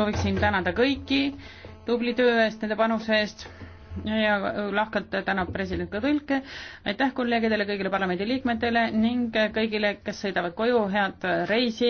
sooviksin tänada kõiki tubli töö eest, nende panuse eest ja lahkelt tänab president ka tõlke. aitäh kolleegidele, kõigile parlamendiliikmetele ning kõigile, kes sõidavad koju, head reisi.